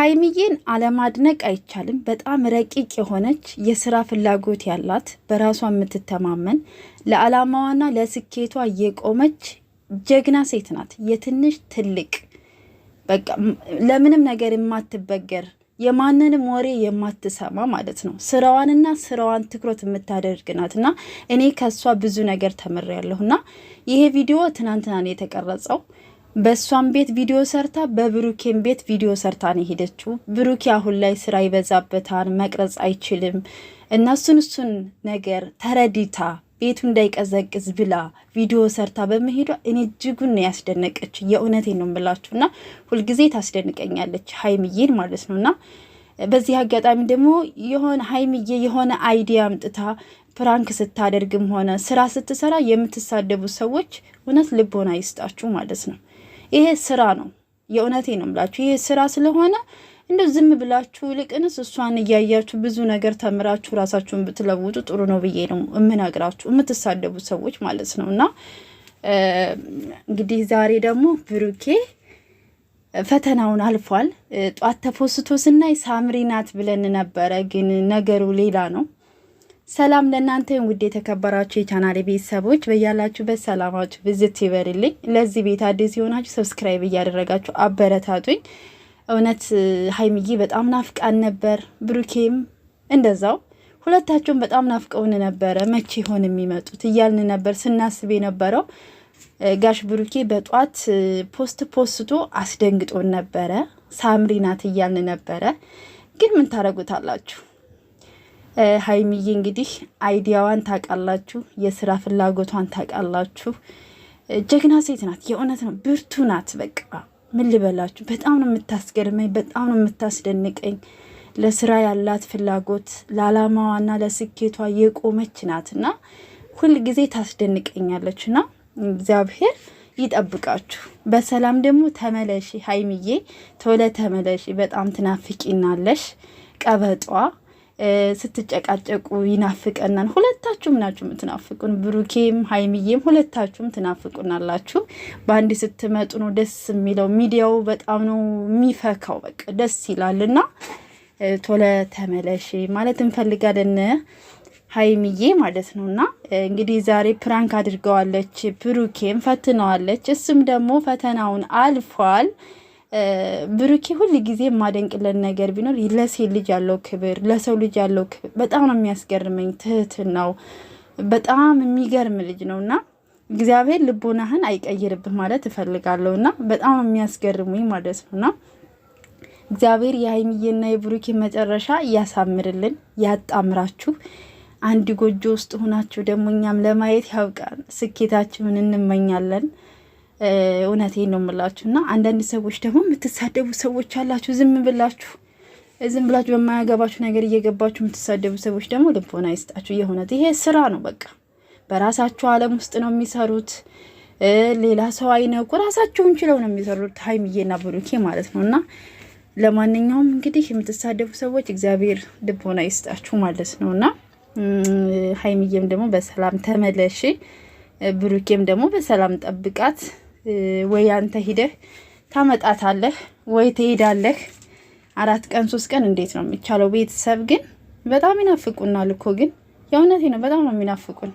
ሀይሚዬን አለማድነቅ አይቻልም። በጣም ረቂቅ የሆነች የስራ ፍላጎት ያላት በራሷ የምትተማመን ለዓላማዋና ለስኬቷ የቆመች ጀግና ሴት ናት። የትንሽ ትልቅ በቃ ለምንም ነገር የማትበገር የማንንም ወሬ የማትሰማ ማለት ነው። ስራዋንና ስራዋን ትኩረት የምታደርግ ናት እና እኔ ከሷ ብዙ ነገር ተምሬያለሁ እና ይሄ ቪዲዮ ትናንትና ነው የተቀረጸው በእሷም ቤት ቪዲዮ ሰርታ በብሩኬን ቤት ቪዲዮ ሰርታ ነው የሄደችው። ብሩኬ አሁን ላይ ስራ ይበዛበታል፣ መቅረጽ አይችልም እና እሱን እሱን ነገር ተረዲታ ቤቱ እንዳይቀዘቅዝ ብላ ቪዲዮ ሰርታ በመሄዷ እኔ እጅጉን ነው ያስደነቀች። የእውነቴ ነው የምላችሁ እና ሁልጊዜ ታስደንቀኛለች ሀይምዬን ማለት ነው እና በዚህ አጋጣሚ ደግሞ የሆነ ሀይምዬ የሆነ አይዲያ አምጥታ ፕራንክ ስታደርግም ሆነ ስራ ስትሰራ የምትሳደቡ ሰዎች እውነት ልቦና ይስጣችሁ ማለት ነው። ይሄ ስራ ነው። የእውነቴ ነው ብላችሁ ይሄ ስራ ስለሆነ እንደ ዝም ብላችሁ ይልቅንስ እሷን እያያችሁ ብዙ ነገር ተምራችሁ ራሳችሁን ብትለውጡ ጥሩ ነው ብዬ ነው የምነግራችሁ። የምትሳደቡ ሰዎች ማለት ነው። እና እንግዲህ ዛሬ ደግሞ ብሩኬ ፈተናውን አልፏል። ጧት ተፎስቶ ስናይ ሳምሪ ናት ብለን ነበረ፣ ግን ነገሩ ሌላ ነው። ሰላም ለእናንተ ውድ የተከበራችሁ የቻናል ቤተሰቦች በያላችሁበት ሰላማችሁ ብዝት ይበርልኝ። ለዚህ ቤት አዲስ የሆናችሁ ሰብስክራይብ እያደረጋችሁ አበረታቱኝ። እውነት ሀይሚዬ በጣም ናፍቃን ነበር፣ ብሩኬም እንደዛው ሁለታቸውን በጣም ናፍቀውን ነበረ። መቼ ሆን የሚመጡት እያልን ነበር ስናስብ የነበረው። ጋሽ ብሩኬ በጧት ፖስት ፖስቶ አስደንግጦን ነበረ። ሳምሪ ናት እያልን ነበረ። ግን ምን ታደርጉታላችሁ? ሀይሚዬ እንግዲህ አይዲያዋን ታውቃላችሁ፣ የስራ ፍላጎቷን ታውቃላችሁ። ጀግና ሴት ናት። የእውነት ነው፣ ብርቱ ናት። በቃ ምን ልበላችሁ፣ በጣም ነው የምታስገርመኝ፣ በጣም ነው የምታስደንቀኝ። ለስራ ያላት ፍላጎት ለአላማዋና ለስኬቷ የቆመች ናት እና ሁል ጊዜ ታስደንቀኛለች እና እግዚአብሔር ይጠብቃችሁ። በሰላም ደግሞ ተመለሺ ሀይሚዬ፣ ቶሎ ተመለሺ። በጣም ትናፍቂናለሽ ቀበጧ ስትጨቃጨቁ ይናፍቀናል። ሁለታችሁም ናችሁ የምትናፍቁን፣ ብሩኬም ሀይሚዬም ሁለታችሁም ትናፍቁናላችሁ። በአንድ ስትመጡ ነው ደስ የሚለው። ሚዲያው በጣም ነው የሚፈካው፣ በቃ ደስ ይላልና ቶሎ ተመለሽ ማለት እንፈልጋለን ሀይሚዬ ማለት ነው። እና እንግዲህ ዛሬ ፕራንክ አድርገዋለች፣ ብሩኬም ፈትነዋለች፣ እሱም ደግሞ ፈተናውን አልፏል። ብሩኬ ሁል ጊዜ የማደንቅለን ነገር ቢኖር ለሴት ልጅ ያለው ክብር፣ ለሰው ልጅ ያለው ክብር በጣም ነው የሚያስገርመኝ። ትህትናው በጣም የሚገርም ልጅ ነው እና እግዚአብሔር ልቦናህን አይቀይርብህ ማለት እፈልጋለሁ እና በጣም ነው የሚያስገርሙኝ ማለት ነው እና እግዚአብሔር የሀይሚዬና የብሩኬ መጨረሻ እያሳምርልን ያጣምራችሁ አንድ ጎጆ ውስጥ ሆናችሁ ደግሞ እኛም ለማየት ያብቃን። ስኬታችሁን እንመኛለን። እውነቴ ነው የምላችሁ። እና አንዳንድ ሰዎች ደግሞ የምትሳደቡ ሰዎች አላችሁ፣ ዝም ብላችሁ ዝም ብላችሁ በማያገባችሁ ነገር እየገባችሁ የምትሳደቡ ሰዎች ደግሞ ልቦና ይስጣችሁ። የእውነት ይሄ ስራ ነው። በቃ በራሳቸው ዓለም ውስጥ ነው የሚሰሩት። ሌላ ሰው አይነቁ፣ ራሳቸውን ችለው ነው የሚሰሩት። ሀይሚዬና ብሩኬ ማለት ነው እና ለማንኛውም እንግዲህ የምትሳደቡ ሰዎች እግዚአብሔር ልቦና ይስጣችሁ ማለት ነው እና ሀይሚዬም ደግሞ በሰላም ተመለሽ፣ ብሩኬም ደግሞ በሰላም ጠብቃት። ወይ አንተ ሂደህ ታመጣታለህ ወይ ትሄዳለህ። አራት ቀን ሶስት ቀን እንዴት ነው የሚቻለው? ቤተሰብ ግን በጣም ይናፍቁናል እኮ ግን የእውነቴ ነው፣ በጣም ነው የሚናፍቁን።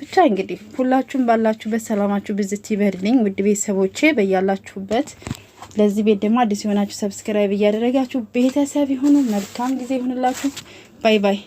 ብቻ እንግዲህ ሁላችሁም ባላችሁበት ሰላማችሁ ብዝት ይበልልኝ ውድ ቤተሰቦቼ በያላችሁበት። ለዚህ ቤት ደግሞ አዲስ የሆናችሁ ሰብስክራይብ እያደረጋችሁ ቤተሰብ ይሁኑ። መልካም ጊዜ ይሁንላችሁ። ባይ ባይ።